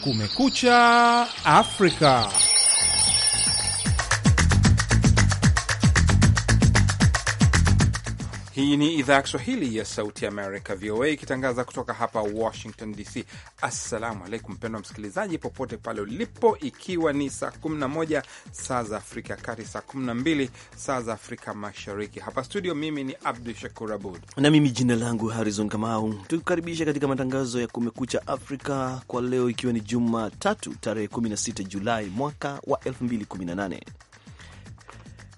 Kumekucha Afrika. Hii ni idhaa ya Kiswahili ya Sauti Amerika, VOA, ikitangaza kutoka hapa Washington DC. Assalamu alaikum, mpendwa msikilizaji, popote pale ulipo, ikiwa ni saa 11 saa za Afrika ya Kati, saa 12 saa za Afrika Mashariki. Hapa studio, mimi ni Abdu Shakur Abud na mimi jina langu Harizon Kamau, tukikaribisha katika matangazo ya Kumekucha Afrika kwa leo, ikiwa ni Jumatatu tarehe 16 Julai mwaka wa 2018.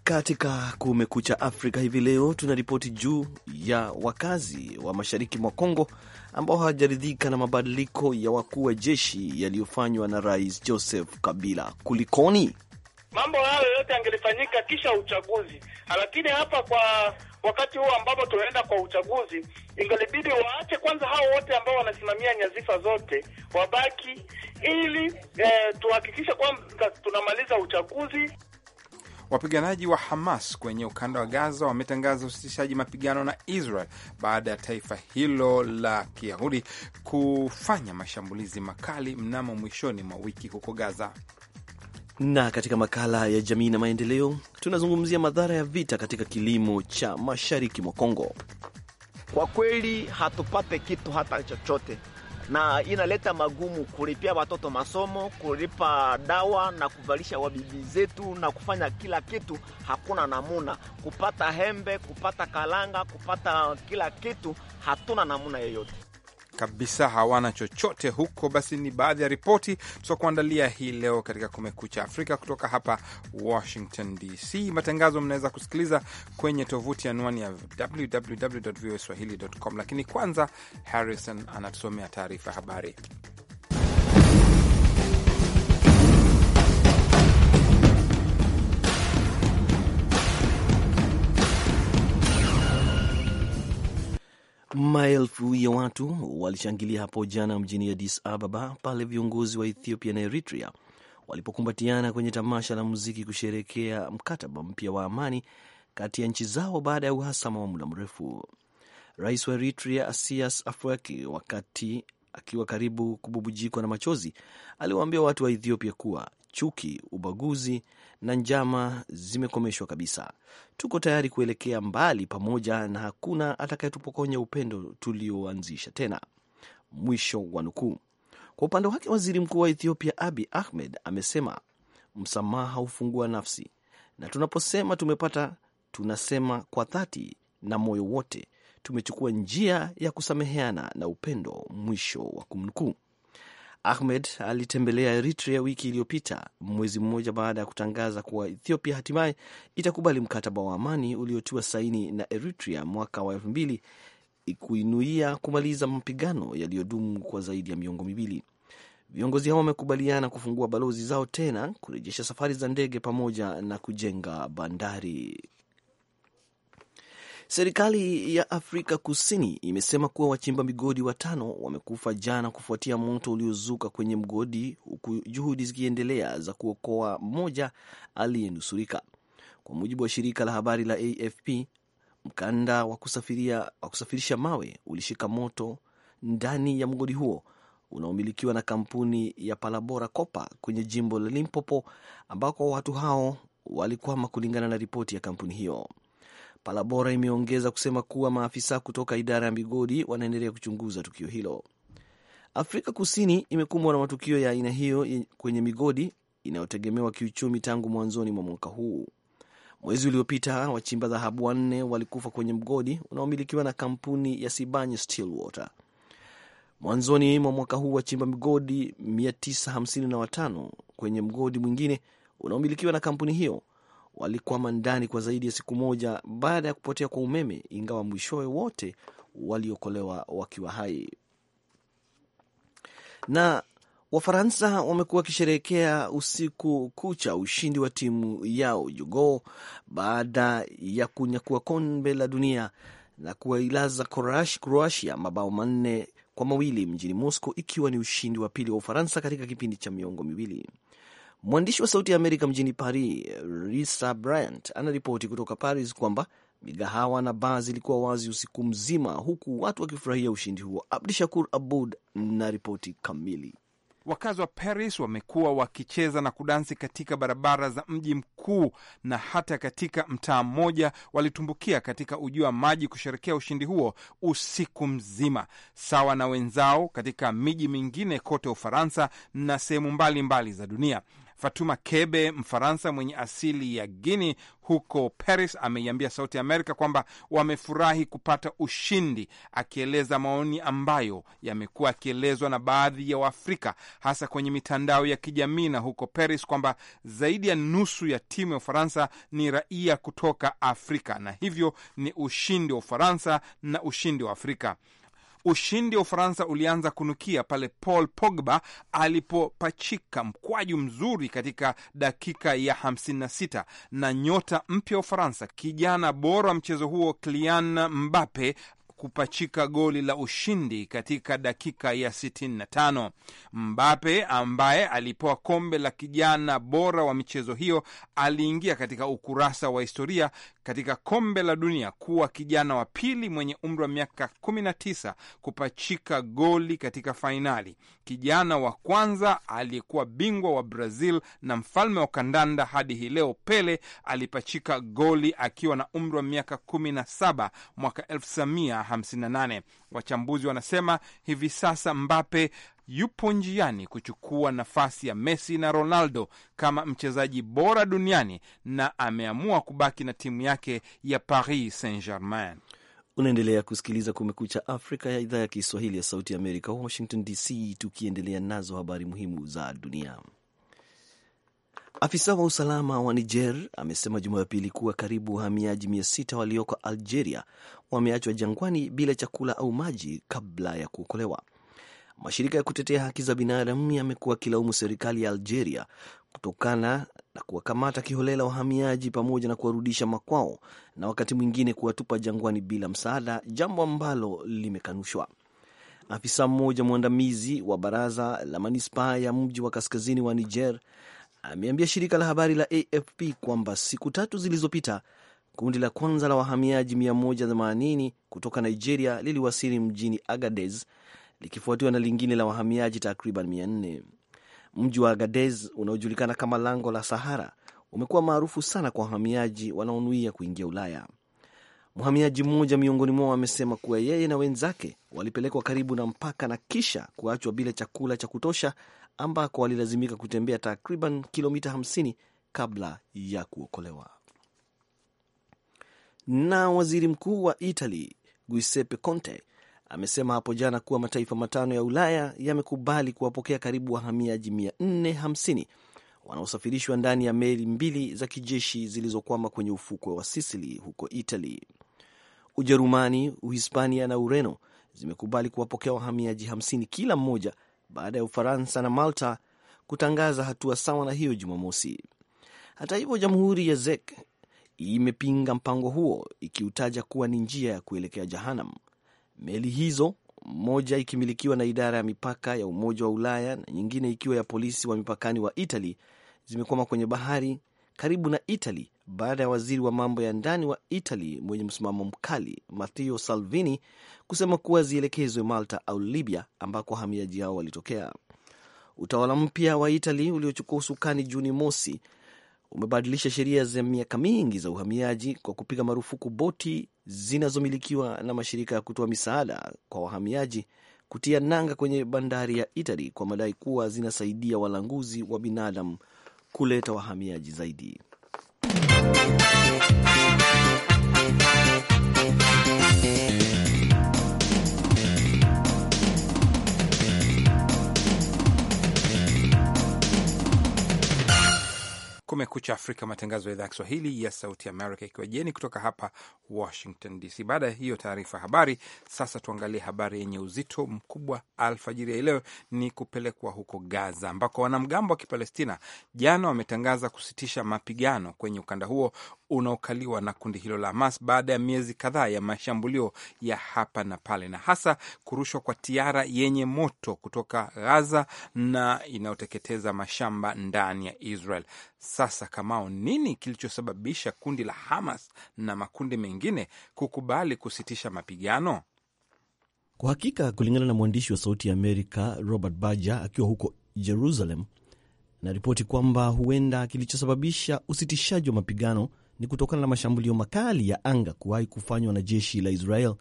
Katika Kumekucha Afrika hivi leo tunaripoti juu ya wakazi wa mashariki mwa Kongo ambao hawajaridhika na mabadiliko ya wakuu wa jeshi yaliyofanywa na Rais Joseph Kabila. Kulikoni? Mambo hayo yote yangelifanyika kisha uchaguzi, lakini hapa kwa wakati huo ambapo tunaenda kwa uchaguzi, ingalibidi waache kwanza hao wote ambao wanasimamia nyazifa zote wabaki, ili eh, tuhakikishe kwamba tunamaliza uchaguzi. Wapiganaji wa Hamas kwenye ukanda wa Gaza wametangaza usitishaji mapigano na Israel baada ya taifa hilo la Kiyahudi kufanya mashambulizi makali mnamo mwishoni mwa wiki huko Gaza. Na katika makala ya jamii na maendeleo, tunazungumzia madhara ya vita katika kilimo cha mashariki mwa Kongo. Kwa kweli hatupate kitu hata chochote na inaleta magumu kulipia watoto masomo, kulipa dawa na kuvalisha wabibi zetu na kufanya kila kitu. Hakuna namuna kupata hembe, kupata kalanga, kupata kila kitu, hatuna namuna yoyote kabisa hawana chochote huko. Basi ni baadhi ya ripoti tutakuandalia hii leo katika Kumekucha Afrika kutoka hapa Washington DC. Matangazo mnaweza kusikiliza kwenye tovuti anwani ya www voa swahili com, lakini kwanza Harrison anatusomea taarifa ya habari. Maelfu ya watu walishangilia hapo jana mjini Addis Ababa pale viongozi wa Ethiopia na Eritrea walipokumbatiana kwenye tamasha la muziki kusherekea mkataba mpya wa amani kati ya nchi zao baada ya uhasama wa muda mrefu. Rais wa Eritrea Asias Afwerki, wakati akiwa karibu kububujikwa na machozi, aliwaambia watu wa Ethiopia kuwa chuki, ubaguzi na njama zimekomeshwa kabisa. Tuko tayari kuelekea mbali pamoja, na hakuna atakayetupokonya upendo tulioanzisha tena. Mwisho wa nukuu. Kwa upande wake, waziri mkuu wa Ethiopia Abi Ahmed amesema msamaha hufungua nafsi, na tunaposema tumepata, tunasema kwa dhati na moyo wote, tumechukua njia ya kusameheana na upendo, mwisho wa kumnukuu. Ahmed alitembelea Eritrea wiki iliyopita, mwezi mmoja baada ya kutangaza kuwa Ethiopia hatimaye itakubali mkataba wa amani uliotiwa saini na Eritrea mwaka wa elfu mbili kuinuia kumaliza mapigano yaliyodumu kwa zaidi ya miongo miwili. Viongozi hao wamekubaliana kufungua balozi zao tena, kurejesha safari za ndege pamoja na kujenga bandari. Serikali ya Afrika Kusini imesema kuwa wachimba migodi watano wamekufa jana kufuatia moto uliozuka kwenye mgodi, huku juhudi zikiendelea za kuokoa mmoja aliyenusurika. Kwa mujibu wa shirika la habari la AFP, mkanda wa kusafirisha mawe ulishika moto ndani ya mgodi huo unaomilikiwa na kampuni ya Palabora Kopa kwenye jimbo la Limpopo, ambako watu hao walikwama, kulingana na ripoti ya kampuni hiyo. Palabora imeongeza kusema kuwa maafisa kutoka idara ya migodi wanaendelea kuchunguza tukio hilo. Afrika Kusini imekumbwa na matukio ya aina hiyo kwenye migodi inayotegemewa kiuchumi tangu mwanzoni mwa mwaka huu. Mwezi uliopita wachimba dhahabu wanne walikufa kwenye mgodi unaomilikiwa na kampuni ya Sibanye Stillwater. Mwanzoni mwa mwaka huu wachimba migodi 955 kwenye mgodi mwingine unaomilikiwa na kampuni hiyo walikwama ndani kwa zaidi ya siku moja baada ya kupotea kwa umeme, ingawa mwishowe wote waliokolewa wakiwa hai. Na Wafaransa wamekuwa wakisherehekea usiku kucha ushindi wa timu yao jugo baada ya kunyakua kombe la dunia na kuwailaza croatia mabao manne kwa mawili mjini Moscow, ikiwa ni ushindi wa pili wa Ufaransa katika kipindi cha miongo miwili. Mwandishi wa Sauti ya Amerika mjini Paris, risa Bryant, anaripoti kutoka Paris kwamba migahawa na baa zilikuwa wazi usiku mzima, huku watu wakifurahia ushindi huo. Abdi Shakur Abud na ripoti kamili. Wakazi wa Paris wamekuwa wakicheza na kudansi katika barabara za mji mkuu na hata katika mtaa mmoja walitumbukia katika ujua wa maji kusherekea ushindi huo usiku mzima, sawa na wenzao katika miji mingine kote Ufaransa na sehemu mbalimbali za dunia. Fatuma Kebe, Mfaransa mwenye asili ya Guini huko Paris, ameiambia Sauti Amerika kwamba wamefurahi kupata ushindi, akieleza maoni ambayo yamekuwa yakielezwa na baadhi ya Waafrika hasa kwenye mitandao ya kijamii na huko Paris, kwamba zaidi ya nusu ya timu ya Ufaransa ni raia kutoka Afrika na hivyo ni ushindi wa Ufaransa na ushindi wa Afrika. Ushindi wa Ufaransa ulianza kunukia pale Paul Pogba alipopachika mkwaju mzuri katika dakika ya 56 na nyota mpya wa Ufaransa, kijana bora wa mchezo huo Kylian Mbappe kupachika goli la ushindi katika dakika ya 65. Mbape ambaye alipewa kombe la kijana bora wa michezo hiyo aliingia katika ukurasa wa historia katika kombe la dunia kuwa kijana wa pili mwenye umri wa miaka 19 kupachika goli katika fainali. Kijana wa kwanza aliyekuwa bingwa wa Brazil na mfalme wa kandanda hadi hii leo, Pele alipachika goli akiwa na umri wa miaka 17 mwaka 58. Wachambuzi wanasema hivi sasa Mbappe yupo njiani kuchukua nafasi ya Messi na Ronaldo kama mchezaji bora duniani na ameamua kubaki na timu yake ya Paris Saint-Germain. Unaendelea kusikiliza Kumekucha Afrika ya idhaa ya Kiswahili ya Sauti ya Amerika, Washington DC, tukiendelea nazo habari muhimu za dunia. Afisa wa usalama wa Niger amesema Jumapili kuwa karibu wahamiaji mia sita walioko Algeria wameachwa jangwani bila chakula au maji kabla ya kuokolewa. Mashirika ya kutetea haki za binadamu yamekuwa kilaumu serikali ya Algeria kutokana na kuwakamata kiholela wahamiaji pamoja na kuwarudisha makwao na wakati mwingine kuwatupa jangwani bila msaada, jambo ambalo limekanushwa. Afisa mmoja mwandamizi wa baraza la manispaa ya mji wa kaskazini wa Niger ameambia shirika la habari la AFP kwamba siku tatu zilizopita kundi la kwanza la wahamiaji 180 kutoka Nigeria liliwasili mjini Agadez likifuatiwa na lingine la wahamiaji takriban 400. Mji wa Agadez unaojulikana kama lango la Sahara umekuwa maarufu sana kwa wahamiaji wanaonuia kuingia Ulaya. Mhamiaji mmoja miongoni mwao amesema kuwa yeye na wenzake walipelekwa karibu na mpaka na kisha kuachwa bila chakula cha kutosha ambako walilazimika kutembea takriban kilomita 50 kabla ya kuokolewa. Na waziri mkuu wa Italy Giuseppe Conte amesema hapo jana kuwa mataifa matano ya Ulaya yamekubali kuwapokea karibu wahamiaji 450 wanaosafirishwa ndani ya meli mbili za kijeshi zilizokwama kwenye ufukwe wa Sisili huko Italy. Ujerumani, Uhispania na Ureno zimekubali kuwapokea wahamiaji 50 kila mmoja baada ya Ufaransa na Malta kutangaza hatua sawa na hiyo Jumamosi. Hata hivyo, jamhuri ya Czech imepinga mpango huo ikiutaja kuwa ni njia ya kuelekea Jahanam. Meli hizo moja ikimilikiwa na idara ya mipaka ya Umoja wa Ulaya na nyingine ikiwa ya polisi wa mipakani wa Italy zimekwama kwenye bahari karibu na Italy baada ya waziri wa mambo ya ndani wa Italy mwenye msimamo mkali Matteo Salvini kusema kuwa zielekezwe Malta au Libya ambako wahamiaji hao walitokea. Utawala mpya wa Italy uliochukua usukani Juni mosi umebadilisha sheria za miaka mingi za uhamiaji kwa kupiga marufuku boti zinazomilikiwa na mashirika ya kutoa misaada kwa wahamiaji kutia nanga kwenye bandari ya Italy kwa madai kuwa zinasaidia walanguzi wa binadamu kuleta wahamiaji zaidi. Kumekucha Afrika, matangazo ya idhaa ya Kiswahili ya Sauti Amerika, ikiwa jeni kutoka hapa Washington DC. Baada ya hiyo taarifa habari, sasa tuangalie habari yenye uzito mkubwa alfajiri ya leo, ni kupelekwa huko Gaza ambako wanamgambo wa Kipalestina jana wametangaza kusitisha mapigano kwenye ukanda huo unaokaliwa na kundi hilo la Hamas baada ya miezi kadhaa ya mashambulio ya hapa na pale, na hasa kurushwa kwa tiara yenye moto kutoka Gaza na inayoteketeza mashamba ndani ya Israel. Sasa Kamao, nini kilichosababisha kundi la Hamas na makundi mengine kukubali kusitisha mapigano? Kwa hakika, kulingana na mwandishi wa Sauti ya Amerika Robert Baja akiwa huko Jerusalem, anaripoti kwamba huenda kilichosababisha usitishaji wa mapigano ni kutokana na mashambulio makali ya anga kuwahi kufanywa na jeshi la Israel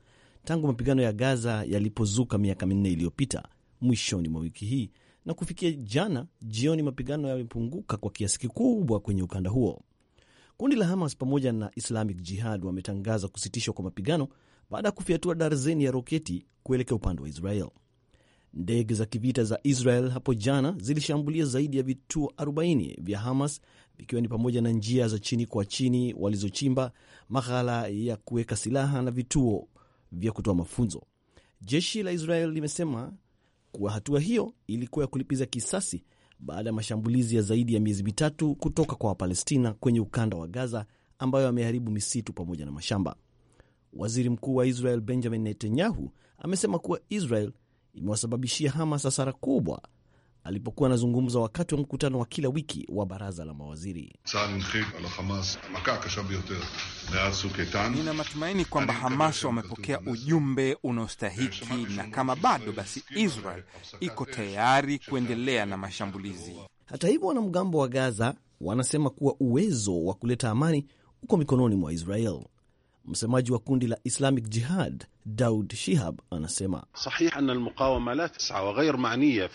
tangu mapigano ya Gaza yalipozuka miaka minne iliyopita mwishoni mwa wiki hii, na kufikia jana jioni mapigano yamepunguka kwa kiasi kikubwa kwenye ukanda huo. Kundi la Hamas pamoja na Islamic Jihad wametangaza kusitishwa kwa mapigano baada ya kufyatua darzeni ya roketi kuelekea upande wa Israel. Ndege za kivita za Israel hapo jana zilishambulia zaidi ya vituo 40 vya Hamas ikiwa ni pamoja na njia za chini kwa chini walizochimba, maghala ya kuweka silaha na vituo vya kutoa mafunzo. Jeshi la Israel limesema kuwa hatua hiyo ilikuwa ya kulipiza kisasi baada ya mashambulizi ya zaidi ya miezi mitatu kutoka kwa Wapalestina kwenye ukanda wa Gaza ambayo ameharibu misitu pamoja na mashamba. Waziri mkuu wa Israel Benjamin Netanyahu amesema kuwa Israel imewasababishia Hamas hasara kubwa alipokuwa anazungumza wakati wa mkutano wa kila wiki wa baraza la mawaziri. Nina matumaini kwamba Hamas wamepokea ujumbe unaostahiki na kama bado, basi Israel iko tayari kuendelea na mashambulizi. Hata hivyo, wanamgambo wa Gaza wanasema kuwa uwezo wa kuleta amani uko mikononi mwa Israel. Msemaji wa kundi la Islamic Jihad Daud Shihab anasema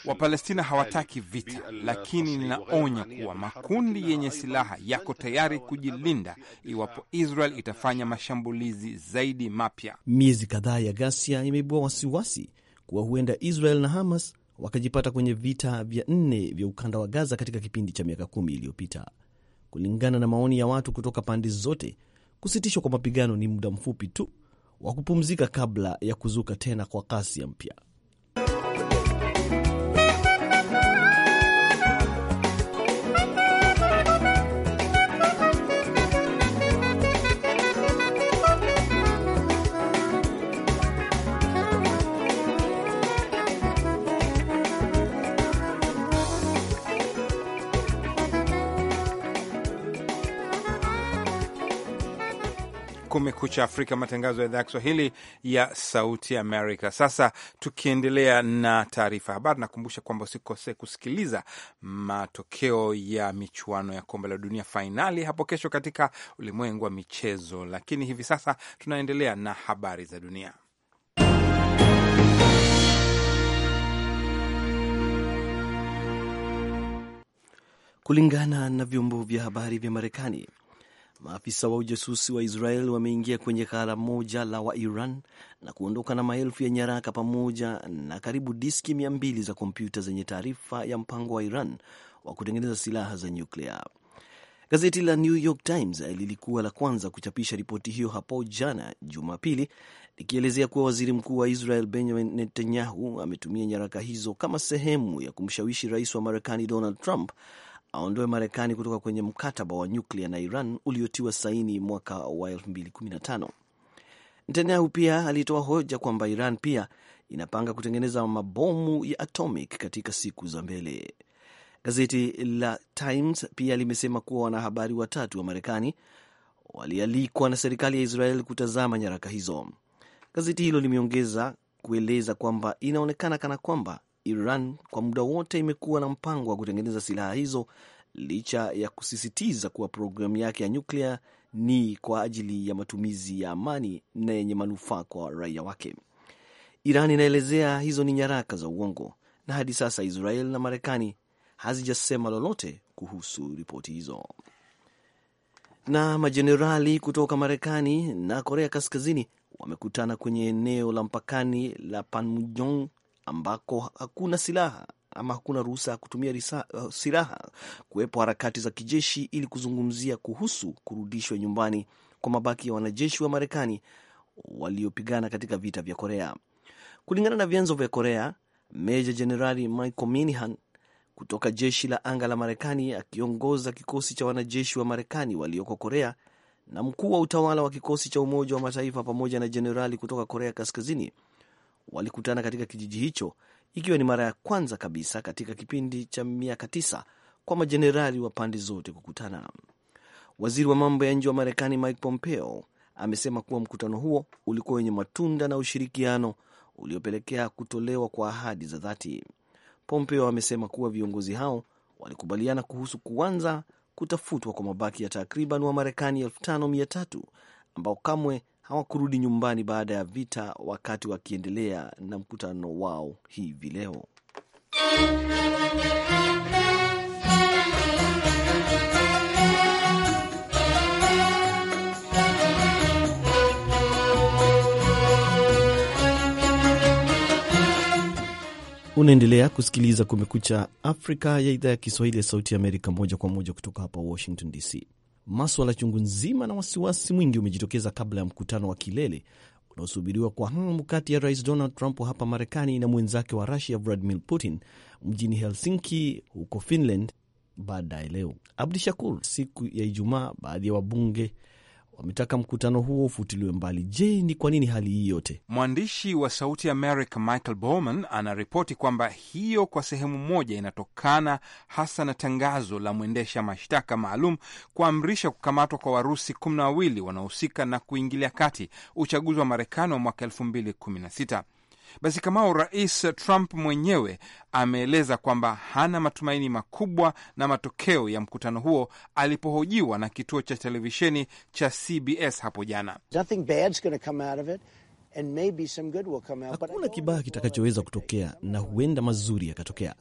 Wapalestina hawataki vita, lakini ninaonya kuwa makundi yenye silaha yako tayari kujilinda iwapo Israel itafanya mashambulizi zaidi mapya. Miezi kadhaa ya ghasia imeibua wasiwasi kuwa huenda Israel na Hamas wakajipata kwenye vita vya nne vya ukanda wa Gaza katika kipindi cha miaka kumi iliyopita, kulingana na maoni ya watu kutoka pande zote. Kusitishwa kwa mapigano ni muda mfupi tu wa kupumzika kabla ya kuzuka tena kwa ya mpya. Kumekucha Afrika, matangazo ya idhaa ya Kiswahili ya Sauti Amerika. Sasa tukiendelea na taarifa habari, nakumbusha kwamba usikose kusikiliza matokeo ya michuano ya kombe la dunia fainali hapo kesho katika ulimwengu wa michezo, lakini hivi sasa tunaendelea na habari za dunia. Kulingana na vyombo vya habari vya Marekani, Maafisa wa ujasusi wa Israel wameingia kwenye ghala moja la Wairan na kuondoka na maelfu ya nyaraka pamoja na karibu diski mia mbili za kompyuta zenye taarifa ya mpango wa Iran wa kutengeneza silaha za nyuklia. Gazeti la New York Times lilikuwa la kwanza kuchapisha ripoti hiyo hapo jana Jumapili, likielezea kuwa waziri mkuu wa Israel Benjamin Netanyahu ametumia nyaraka hizo kama sehemu ya kumshawishi rais wa Marekani Donald Trump aondoe Marekani kutoka kwenye mkataba wa nyuklia na Iran uliotiwa saini mwaka wa 2015. Netanyahu pia alitoa hoja kwamba Iran pia inapanga kutengeneza mabomu ya atomic katika siku za mbele. Gazeti la Times pia limesema kuwa wanahabari watatu wa Marekani walialikwa na serikali ya Israel kutazama nyaraka hizo. Gazeti hilo limeongeza kueleza kwamba inaonekana kana kwamba Iran kwa muda wote imekuwa na mpango wa kutengeneza silaha hizo licha ya kusisitiza kuwa programu yake ya nyuklia ni kwa ajili ya matumizi ya amani na yenye manufaa kwa raia wake. Iran inaelezea hizo ni nyaraka za uongo, na hadi sasa Israel na Marekani hazijasema lolote kuhusu ripoti hizo. Na majenerali kutoka Marekani na Korea Kaskazini wamekutana kwenye eneo la mpakani la Panmunjom ambako hakuna silaha ama hakuna ruhusa ya kutumia risa, uh, silaha, kuwepo harakati za kijeshi ili kuzungumzia kuhusu kurudishwa nyumbani kwa mabaki ya wanajeshi wa Marekani waliopigana katika vita vya Korea. Kulingana na vyanzo vya Korea, Meja Jenerali Michael Minihan kutoka jeshi la anga la Marekani akiongoza kikosi cha wanajeshi wa Marekani walioko Korea na mkuu wa utawala wa kikosi cha Umoja wa Mataifa pamoja na jenerali kutoka Korea Kaskazini walikutana katika kijiji hicho, ikiwa ni mara ya kwanza kabisa katika kipindi cha miaka tisa kwa majenerali wa pande zote kukutana. Waziri wa mambo ya nje wa Marekani Mike Pompeo amesema kuwa mkutano huo ulikuwa wenye matunda na ushirikiano uliopelekea kutolewa kwa ahadi za dhati. Pompeo amesema kuwa viongozi hao walikubaliana kuhusu kuanza kutafutwa kwa mabaki ya takriban wa marekani 5 ambao kamwe hawakurudi nyumbani baada ya vita, wakati wakiendelea na mkutano wao hivi leo. Unaendelea kusikiliza Kumekucha Afrika ya idhaa ya Kiswahili ya Sauti ya Amerika, moja kwa moja kutoka hapa Washington DC maswala chungu nzima na wasiwasi mwingi umejitokeza kabla ya mkutano wa kilele unaosubiriwa kwa hamu kati ya Rais Donald Trump hapa Marekani na mwenzake wa Rusia Vladimir Putin mjini Helsinki huko Finland baadaye leo. Abdi Shakur, siku ya Ijumaa, baadhi ya wabunge wametaka mkutano huo ufutiliwe mbali. Je, ni kwa nini hali hii yote? Mwandishi wa Sauti America Michael Bowman anaripoti kwamba hiyo kwa sehemu moja inatokana hasa na tangazo la mwendesha mashtaka maalum kuamrisha kukamatwa kwa Warusi kumi na wawili wanaohusika na kuingilia kati uchaguzi wa Marekani wa mwaka 2016. Basi Kamau, Rais Trump mwenyewe ameeleza kwamba hana matumaini makubwa na matokeo ya mkutano huo alipohojiwa na kituo cha televisheni cha CBS hapo jana. Hakuna kibaya kitakachoweza kutokea na huenda mazuri yakatokea,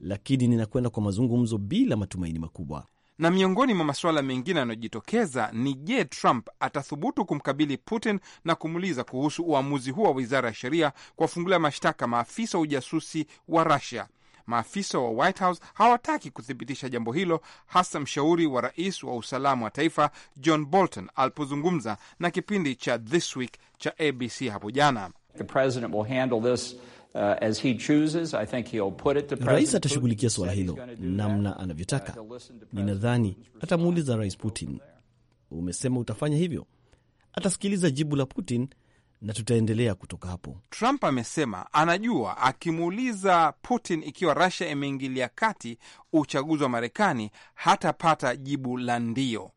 lakini ninakwenda kwa mazungumzo bila matumaini makubwa na miongoni mwa masuala mengine yanayojitokeza ni je, Trump atathubutu kumkabili Putin na kumuuliza kuhusu uamuzi huo wa wizara ya sheria kuwafungulia mashtaka maafisa wa ujasusi wa Rusia. Maafisa wa White House hawataki kuthibitisha jambo hilo, hasa mshauri wa rais wa usalama wa taifa John Bolton alipozungumza na kipindi cha This Week cha ABC hapo jana. The president will handle this Rais atashughulikia suala hilo namna anavyotaka. Uh, Ninadhani atamuuliza Rais Putin, umesema utafanya hivyo. Atasikiliza jibu la Putin na tutaendelea kutoka hapo. Trump amesema anajua akimuuliza Putin ikiwa Russia imeingilia kati uchaguzi wa Marekani hatapata jibu la ndio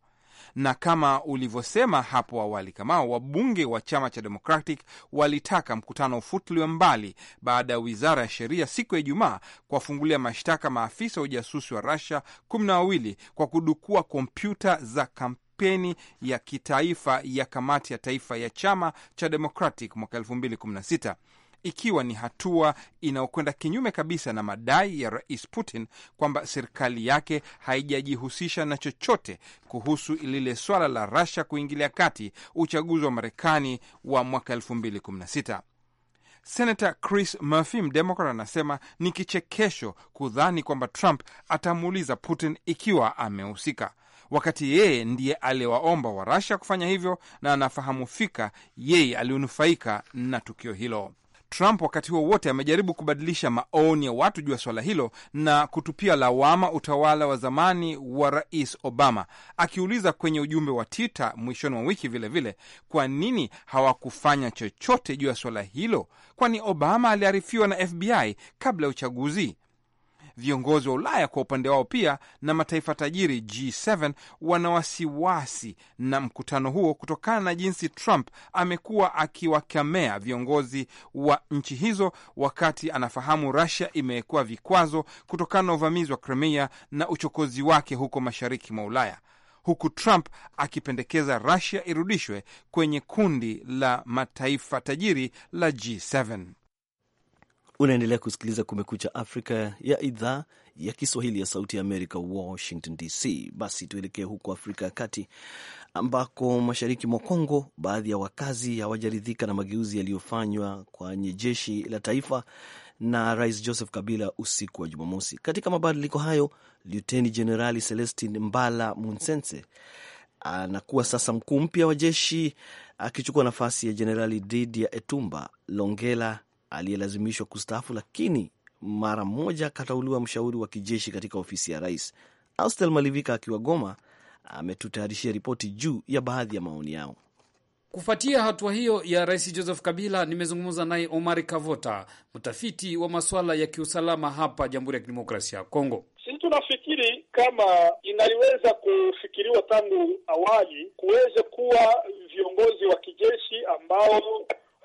na kama ulivyosema hapo awali, kama wabunge wa chama cha Democratic walitaka mkutano ufutuliwe mbali baada ya wizara ya sheria siku ya Ijumaa kuwafungulia mashtaka maafisa wa ujasusi wa rasia kumi na wawili kwa kudukua kompyuta za kampeni peni ya kitaifa ya kamati ya taifa ya chama cha Democratic mwaka 2016 ikiwa ni hatua inayokwenda kinyume kabisa na madai ya Rais Putin kwamba serikali yake haijajihusisha na chochote kuhusu lile swala la Russia kuingilia kati uchaguzi wa Marekani wa mwaka 2016. Senator Chris Murphy mdemokrat anasema ni kichekesho kudhani kwamba Trump atamuuliza Putin ikiwa amehusika, wakati yeye ndiye aliwaomba rasha kufanya hivyo na anafahamu fika yeye alinufaika na tukio hilo. Trump wakati huo wote amejaribu kubadilisha maoni ya watu juu ya swala hilo na kutupia lawama utawala wa zamani wa Rais Obama, akiuliza kwenye ujumbe wa Twitter mwishoni mwa wiki vilevile, kwa nini hawakufanya chochote juu ya swala hilo, kwani Obama aliarifiwa na FBI kabla ya uchaguzi. Viongozi wa Ulaya kwa upande wao pia na mataifa tajiri G7 wana wasiwasi na mkutano huo kutokana na jinsi Trump amekuwa akiwakemea viongozi wa nchi hizo, wakati anafahamu Russia imewekewa vikwazo kutokana na uvamizi wa Crimea na uchokozi wake huko mashariki mwa Ulaya, huku Trump akipendekeza Russia irudishwe kwenye kundi la mataifa tajiri la G7. Unaendelea kusikiliza Kumekucha Afrika ya idhaa ya Kiswahili ya Sauti ya Amerika, Washington DC. Basi tuelekee huko Afrika ya Kati, ambako mashariki mwa Kongo baadhi ya wakazi hawajaridhika na mageuzi yaliyofanywa kwenye jeshi la taifa na Rais Joseph Kabila usiku wa Jumamosi. Katika mabadiliko hayo, Luteni Jenerali Celestin Mbala Munsense anakuwa sasa mkuu mpya wa jeshi akichukua nafasi ya Jenerali ya Etumba Longela aliyelazimishwa kustaafu, lakini mara mmoja akatauliwa mshauri wa kijeshi katika ofisi ya rais. Austel Malivika akiwa Goma ametutayarishia ripoti juu ya baadhi ya maoni yao. Kufuatia hatua hiyo ya rais Joseph Kabila, nimezungumza naye Omari Kavota, mtafiti wa masuala ya kiusalama hapa Jamhuri ya Kidemokrasia ya Kongo. Sisi tunafikiri kama inaliweza kufikiriwa tangu awali kuweze kuwa viongozi wa kijeshi ambao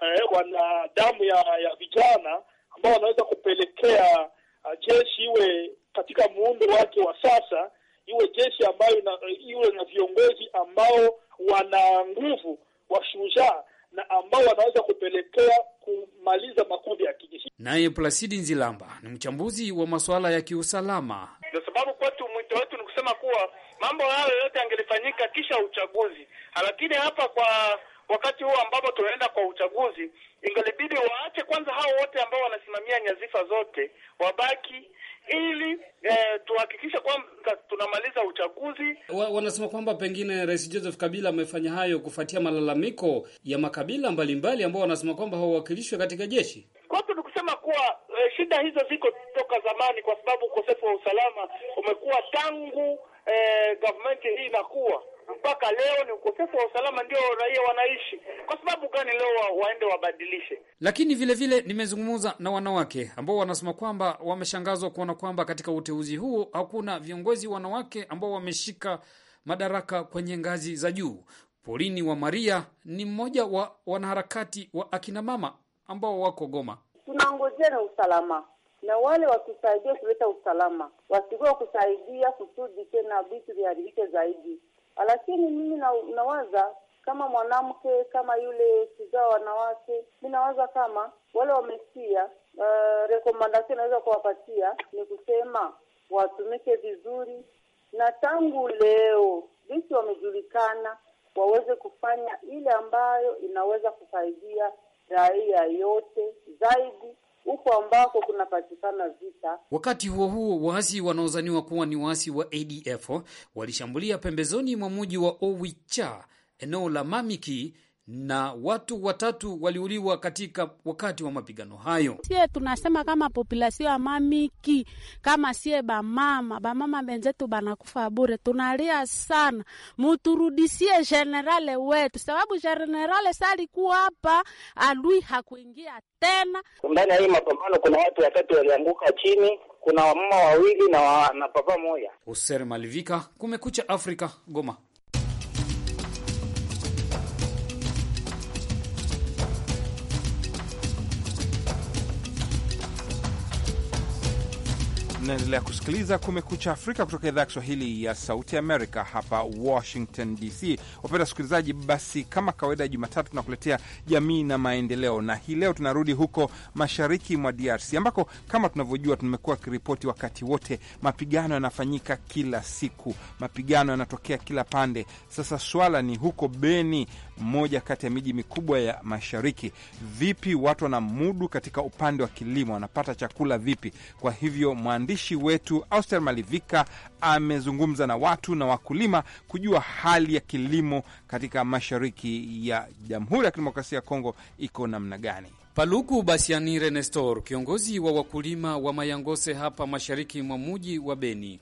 eh, wana damu ya, ya vijana ambao wanaweza kupelekea uh, jeshi iwe katika muundo wake wa sasa, iwe jeshi ambayo na, iwe na viongozi ambao wana nguvu wa shujaa na ambao wanaweza kupelekea kumaliza makundi ya kijeshi. Naye Plasidi Nzilamba ni mchambuzi wa masuala ya kiusalama. Ndio sababu kwetu mwito wetu ni kusema kuwa mambo hayo yote yangelifanyika kisha uchaguzi, lakini hapa kwa wakati huo ambapo tunaenda kwa uchaguzi, ingalibidi waache kwanza hao wote ambao wanasimamia nyazifa zote wabaki, ili eh, tuhakikishe kwamba tunamaliza uchaguzi. Wa, wanasema kwamba pengine Rais Joseph Kabila amefanya hayo kufuatia malalamiko ya makabila mbalimbali ambao wanasema kwamba hawawakilishwe katika jeshi. Kwetu ni kusema kuwa eh, shida hizo ziko toka zamani, kwa sababu ukosefu wa usalama umekuwa tangu eh, government hii inakuwa mpaka leo ni ukosefu wa usalama, ndio raia wanaishi. Kwa sababu gani leo wa, waende wabadilishe? Lakini vile vile nimezungumza na wanawake ambao wanasema kwamba wameshangazwa kuona kwamba katika uteuzi huo hakuna viongozi wanawake ambao wameshika madaraka kwenye ngazi za juu. Polini wa Maria ni mmoja wa wanaharakati wa akina mama ambao wako Goma. tunaongozia na usalama na wale watusaidia kuleta usalama, wasikuwa kusaidia kusudi tena vitu viharibike zaidi. Lakini mimi na, nawaza kama mwanamke kama yule kizaa wanawake, mi nawaza kama wale wamesia uh, eh, rekomandasio naweza kuwapatia ni kusema watumike vizuri, na tangu leo jinsi wamejulikana waweze kufanya ile ambayo inaweza kusaidia raia yote zaidi huko ambako kunapatikana vita. Wakati huo huo, waasi wanaozaniwa kuwa ni waasi wa ADF walishambulia pembezoni mwa mji wa Owicha, eneo la Mamiki na watu watatu waliuliwa katika wakati wa mapigano hayo. Sie tunasema kama populasio ya mamiki kama sie bamama bamama benzetu banakufa bure, tunalia sana, muturudisie generale wetu sababu generale salikuwa hapa, adui hakuingia tena ndani ya hii mapambano. Kuna watu watatu walianguka chini, kuna wamama wawili na, wa, na papa moja. Hoser Malivika, Kumekucha Afrika, Goma. Mnaendelea kusikiliza Kumekucha Afrika kutoka idhaa ya Kiswahili ya Sauti Amerika hapa Washington DC. Wapenda wasikilizaji, basi kama kawaida ya Jumatatu tunakuletea jamii na maendeleo, na hii leo tunarudi huko mashariki mwa DRC ambako kama tunavyojua tumekuwa kiripoti wakati wote, mapigano yanafanyika kila siku, mapigano yanatokea kila pande. Sasa swala ni huko Beni mmoja kati ya miji mikubwa ya mashariki. Vipi watu wanamudu katika upande wa kilimo, wanapata chakula vipi? Kwa hivyo mwandishi wetu Auster Malivika amezungumza na watu na wakulima kujua hali ya kilimo katika mashariki ya Jamhuri ya Kidemokrasia ya Kongo iko namna gani. Paluku Basianire Nestor, kiongozi wa wakulima wa Mayangose hapa mashariki mwa muji wa Beni.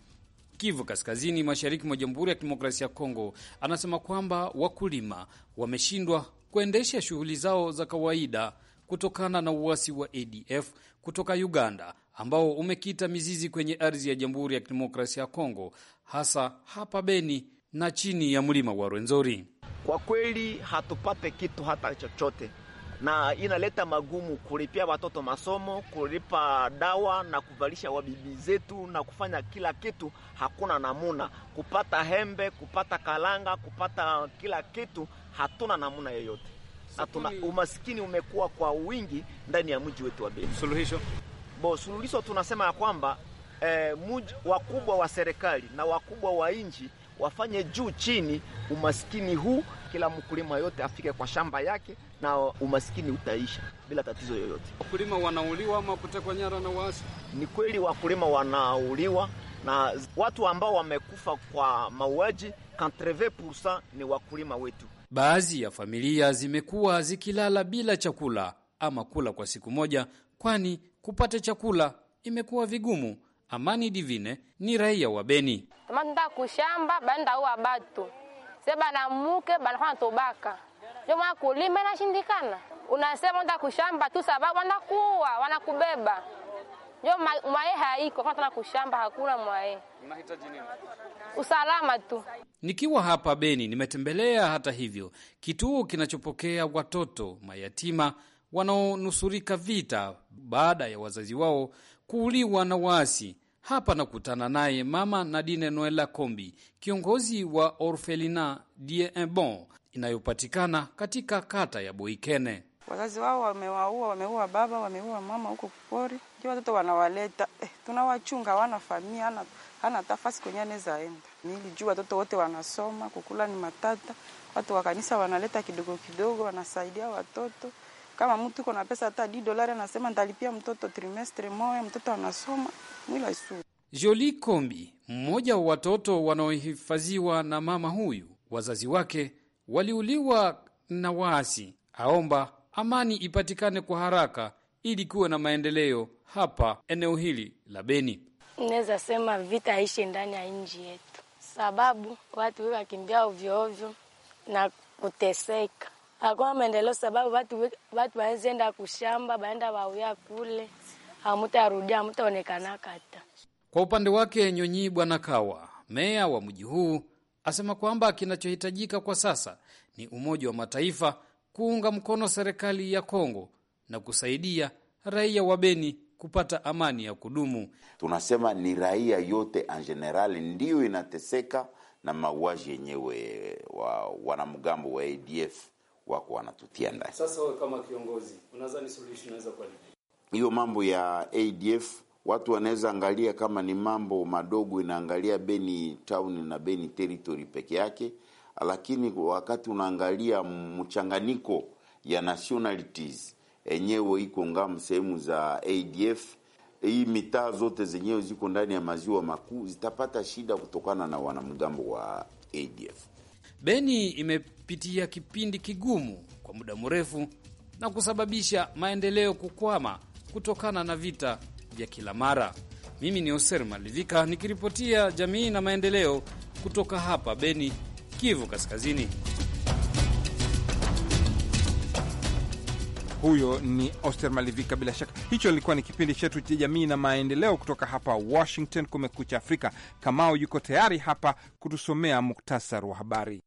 Kivu Kaskazini, mashariki mwa Jamhuri ya Kidemokrasia ya Kongo, anasema kwamba wakulima wameshindwa kuendesha shughuli zao za kawaida kutokana na uasi wa ADF kutoka Uganda ambao umekita mizizi kwenye ardhi ya Jamhuri ya Kidemokrasia ya Kongo, hasa hapa Beni na chini ya mlima wa Rwenzori. Kwa kweli hatupate kitu hata chochote na inaleta magumu kulipia watoto masomo, kulipa dawa na kuvalisha wabibi zetu na kufanya kila kitu. Hakuna namuna kupata hembe, kupata kalanga, kupata kila kitu, hatuna namuna yoyote. Hatuna, umasikini umekuwa kwa wingi ndani ya mji wetu wa Beni. Suluhisho bo, suluhisho tunasema ya kwamba eh, mji wakubwa wa serikali na wakubwa wa nchi wafanye juu chini umasikini huu kila mkulima yote afike kwa shamba yake na umaskini utaisha bila tatizo yoyote. Wakulima wanauliwa ama kutekwa nyara na waasi? Ni kweli wakulima wanauliwa na watu ambao wamekufa kwa mauaji 80% ni wakulima wetu. Baadhi ya familia zimekuwa zikilala bila chakula ama kula kwa siku moja, kwani kupata chakula imekuwa vigumu. Amani Divine ni raia wa Beni. Amanda kushamba banda huwa batu se banamuke banafanya tobaka ndio maana kulima nashindikana Unasema unataka kushamba tu, sababu wanakuwa wanakubeba, njo mwae haiko kama tana kushamba, hakuna mwae. Mnahitaji nini? Usalama tu. Nikiwa hapa Beni nimetembelea hata hivyo kituo kinachopokea watoto mayatima wanaonusurika vita baada ya wazazi wao kuuliwa na waasi hapa nakutana naye Mama Nadine Noela Kombi, kiongozi wa orfelina Die est bon inayopatikana katika kata ya Boikene. Wazazi wao wamewaua, wameua baba, wameua mama huko kupori, ndio watoto wanawaleta eh, tunawachunga wana familia ana hana tafasi kwenye anaweza enda. Nilijua watoto wote wanasoma, kukula ni matata, watu wa kanisa wanaleta kidogo kidogo, wanasaidia watoto kama mtu kuna pesa hata di dolari anasema ndalipia mtoto trimestre moja, mtoto anasoma mwila isu. Joli Kombi, mmoja wa watoto wanaohifadhiwa na mama huyu, wazazi wake waliuliwa na waasi, aomba amani ipatikane kwa haraka ili kuwe na maendeleo hapa eneo hili la Beni. Naweza sema vita haishi ndani ya nchi yetu, sababu watu wakimbia ovyoovyo na kuteseka hakuna maendeleo sababu watu watu waenzienda kushamba baenda wauya kule hamutarudia hamutaonekana kata. Kwa upande wake Nyonyi Bwana Kawa, meya wa mji huu, asema kwamba kinachohitajika kwa sasa ni Umoja wa Mataifa kuunga mkono serikali ya Kongo na kusaidia raia wa Beni kupata amani ya kudumu. Tunasema ni raia yote en general ndiyo inateseka na mauaji yenyewe wa wanamgambo wa ADF wako wanatutia ndani. Sasa wewe kama kiongozi, unadhani suluhisho inaweza kuwa lipi? Hiyo mambo ya ADF watu wanaweza angalia kama ni mambo madogo, inaangalia Beni town na Beni territory peke yake, lakini wakati unaangalia mchanganyiko ya nationalities enyewe iko ngamu sehemu za ADF, hii mitaa zote zenyewe ziko ndani ya maziwa makuu zitapata shida kutokana na wanamgambo wa ADF. Beni ime kupitia kipindi kigumu kwa muda mrefu na kusababisha maendeleo kukwama kutokana na vita vya kila mara. Mimi ni Oser Malivika nikiripotia jamii na maendeleo kutoka hapa Beni, Kivu Kaskazini. Huyo ni Oster Malivika. Bila shaka hicho ilikuwa ni kipindi chetu cha jamii na maendeleo kutoka hapa Washington. Kumekucha Afrika. Kamao yuko tayari hapa kutusomea muktasar wa habari.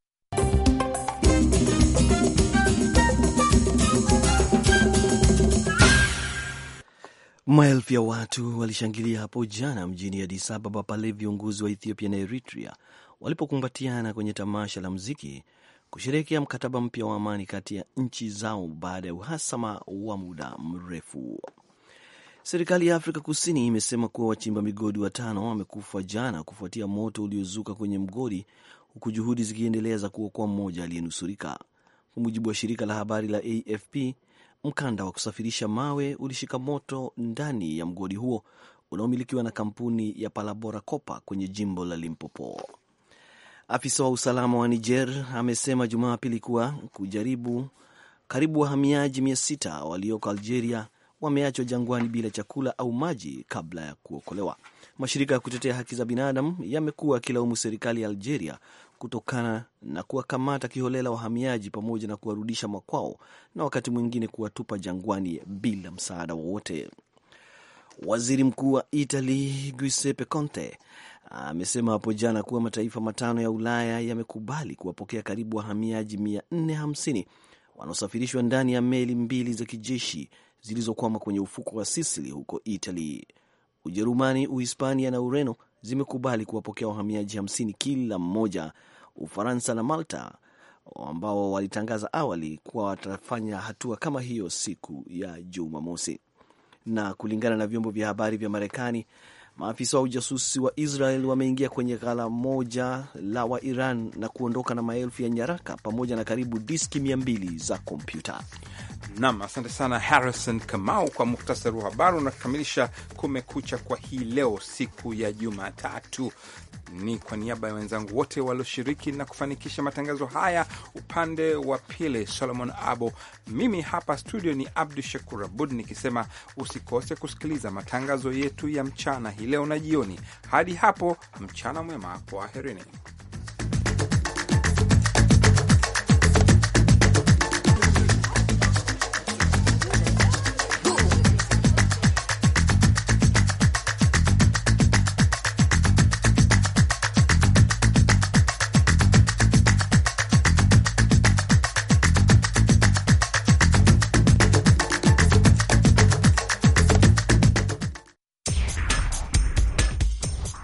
Maelfu ya watu walishangilia hapo jana mjini Addis Ababa pale viongozi wa Ethiopia na Eritrea walipokumbatiana kwenye tamasha la muziki kusherehekea mkataba mpya wa amani kati ya nchi zao baada ya uhasama wa muda mrefu. Serikali ya Afrika Kusini imesema kuwa wachimba migodi watano wamekufa jana kufuatia moto uliozuka kwenye mgodi, huku juhudi zikiendelea za kuokoa mmoja aliyenusurika. Kwa mujibu wa shirika la habari la AFP, Mkanda wa kusafirisha mawe ulishika moto ndani ya mgodi huo unaomilikiwa na kampuni ya Palabora Copper kwenye jimbo la Limpopo. Afisa wa usalama wa Niger amesema Jumapili kuwa kujaribu karibu wahamiaji mia sita walioko Algeria wameachwa jangwani bila chakula au maji kabla ya kuokolewa. Mashirika ya kutetea haki za binadamu yamekuwa yakilaumu serikali ya Algeria kutokana na kuwakamata kiholela wahamiaji pamoja na kuwarudisha makwao na wakati mwingine kuwatupa jangwani bila msaada wowote. Waziri Mkuu wa Italy Giuseppe Conte amesema hapo jana kuwa mataifa matano ya Ulaya yamekubali kuwapokea karibu wahamiaji 450 wanaosafirishwa ndani ya meli mbili za kijeshi zilizokwama kwenye ufuko wa Sisili huko Italy. Ujerumani, Uhispania na Ureno zimekubali kuwapokea wahamiaji hamsini kila mmoja, Ufaransa na Malta ambao walitangaza awali kuwa watafanya hatua kama hiyo siku ya Jumamosi. Na kulingana na vyombo vya habari vya Marekani, Maafisa wa ujasusi wa Israel wameingia kwenye ghala moja la wa Iran na kuondoka na maelfu ya nyaraka pamoja na karibu diski 200 za kompyuta. Nam, asante sana Harrison Kamau kwa muktasari wa habari. Unakamilisha Kumekucha kwa hii leo, siku ya Jumatatu. Ni kwa niaba ya wenzangu wote walioshiriki na kufanikisha matangazo haya, upande wa pili Solomon Abo, mimi hapa studio ni Abdu Shakur Abud nikisema usikose kusikiliza matangazo yetu ya mchana hii hii leo na jioni. Hadi hapo, mchana mwema, kwaherini.